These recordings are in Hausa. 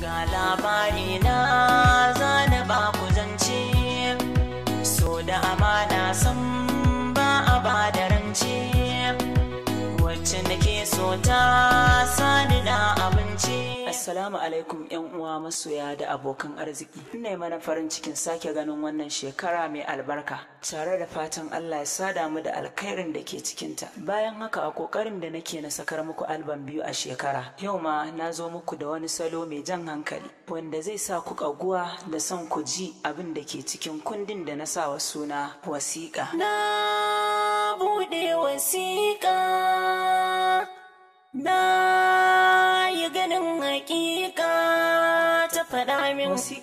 Ga labari na zana ba ku zance, so da amana san ba a ba da rance, wacce nake so ta Assalamu alaikum yan uwa masoya da abokan arziki. Ina mana farin cikin sake ganin wannan shekara mai albarka tare da fatan Allah ya sada mu da alkhairin da ke cikinta. Bayan haka a kokarin da nake na sakar muku alban biyu a shekara. Yau ma na zo muku da wani salo mai jan hankali wanda zai sa ku kaguwa da son ku ji abin da ke cikin kundin da na sa wa suna wasiƙa. Na bude wasiƙa. Na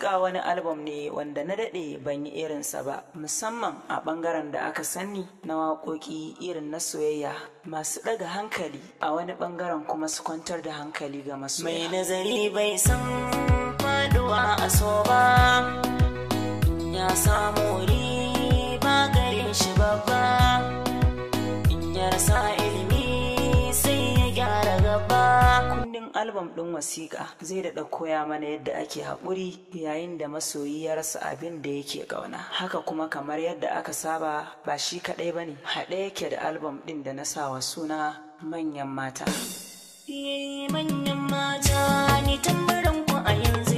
hakika wani album ne wanda na daɗe ban yi irinsa ba musamman a ɓangaren da aka sani na waƙoƙi irin na soyayya masu ɗaga hankali a wani ɓangaren kuma su kwantar da hankali ga masu mai nazari bai san faɗuwa a so ba ya san albam ɗin wasiƙa zai daɗa koya mana yadda ake haƙuri yayin da masoyi ya rasa abin da yake ƙauna. Haka kuma kamar yadda aka saba ba shi kaɗai ba ne haɗe yake da albam ɗin da na sawa suna manyan mata. Eh, manyan mata ni tambarin ku a yanzu.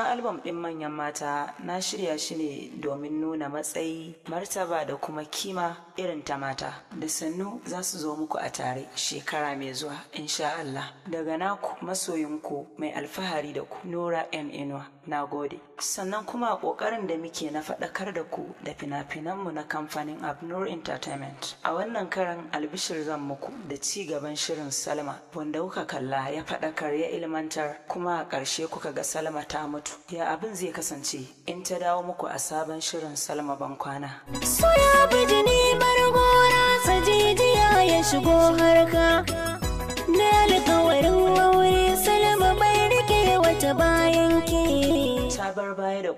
sunan albam ɗin manyan mata na shirya shi ne domin nuna matsayi martaba da kuma kima irin ta mata da sannu za su zo muku a tare shekara mai zuwa insha Allah daga naku masoyinku mai alfahari da ku Nora M Inuwa na gode sannan kuma a ƙoƙarin da muke na faɗakar da ku da fina-finanmu na kamfanin Abnur Entertainment a wannan karan albishir zan muku da ci gaban shirin Salma wanda kuka kalla ya faɗakar ya ilmantar kuma a ƙarshe kuka ga Salma ta mutu ya abin zai kasance in ta dawo muku a sabon shirin salma bankwana. Soya bijini bargo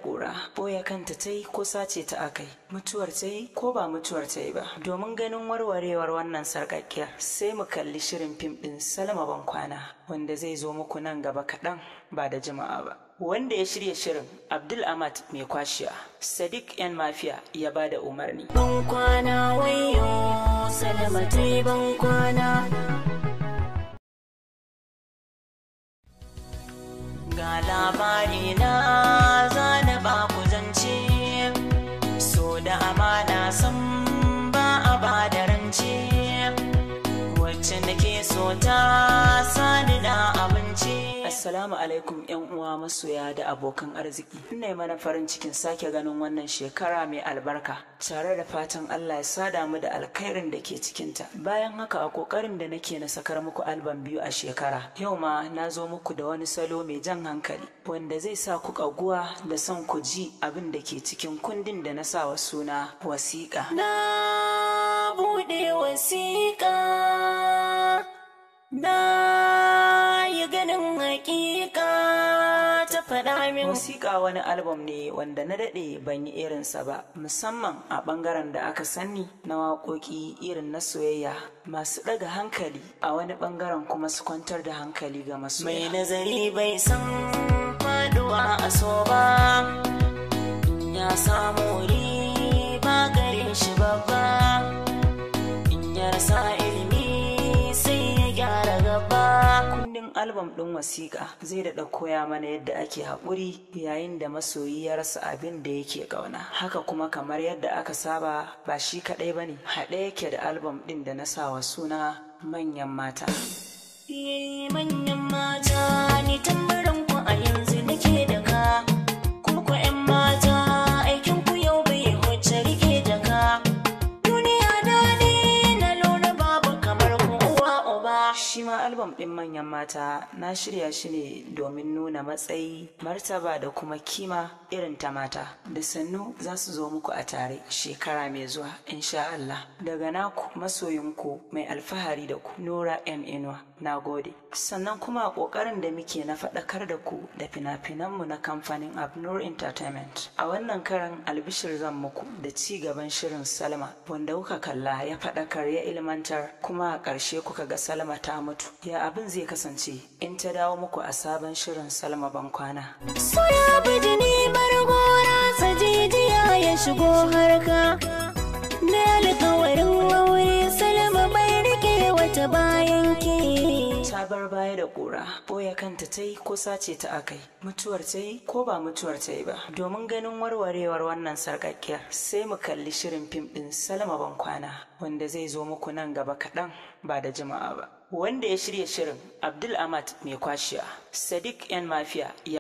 ƙura ɓoye kanta ta yi ko sace ta akai mutuwar ta yi ko ba mutuwar ta yi ba domin ganin warwarewar wannan sarƙaƙiyar sai mu kalli shirin fim ɗin salma bankwana wanda zai zo muku nan gaba kaɗan ba da jima'a ba wanda ya shirya shirin abdul amat mai kwashiya sadiq yan mafiya ya ba da umarni bankwana wayo salama ta yi bankwana ga labari na da amana sun Assalamu alaikum yan uwa masoya da abokan arziki. Ina mana farin cikin sake ganin wannan shekara mai albarka tare da fatan Allah ya sada mu da alkhairin da ke cikinta. Bayan haka a kokarin da nake na sakar muku alban biyu a shekara. Yau ma na zo muku da wani salo mai jan hankali wanda zai sa ku kaguwa da son ku ji abin da ke cikin kundin da na sa wa suna wasiƙa. hakika wani album ne wanda na daɗe ban yi irinsa ba musamman a ɓangaren da aka sani na waƙoƙi irin na soyayya masu ɗaga hankali a wani ɓangaren kuma su kwantar da hankali ga masu mai nazari bai san faɗuwa a so ba ya samu riba albam ɗin wasiƙa zai daɗa koya mana yadda ake haƙuri yayin da masoyi ya rasa abin da yake ƙauna haka kuma kamar yadda aka saba ba shi kaɗai ba ne haɗe yake da albam ɗin da na sawa suna manyan mata eh, manyan mata ni tambarin albam ɗin manyan mata na shirya shi ne domin nuna matsayi martaba da kuma kima irin ta mata da sannu za su zo muku a tare shekara mai zuwa insha Allah daga naku masoyinku mai alfahari da ku Nora M Inuwa na gode sannan kuma a ƙoƙarin da muke na faɗakar da ku da fina-finanmu na kamfanin abnur entertainment a wannan karan albishir zan muku da ci gaban shirin salma wanda kuka kalla ya faɗakar ya ilmantar kuma a ƙarshe kuka ga salma ta mutu ya abin zai kasance in ta dawo muku a sabon shirin salma bankwana kwana ya shigo harka da ta bayan ke ta bar baya da kura boye kanta ta yi ko sace ta akai mutuwar ta yi ko ba mutuwar ta yi ba domin ganin warwarewar wannan sarƙaƙƙiyar. sai mu kalli shirin fim din salama bankwana wanda zai zo muku nan gaba kaɗan ba da jima'a ba wanda ya shirya shirin abdul amad mai kwashiya sadiq yan mafiya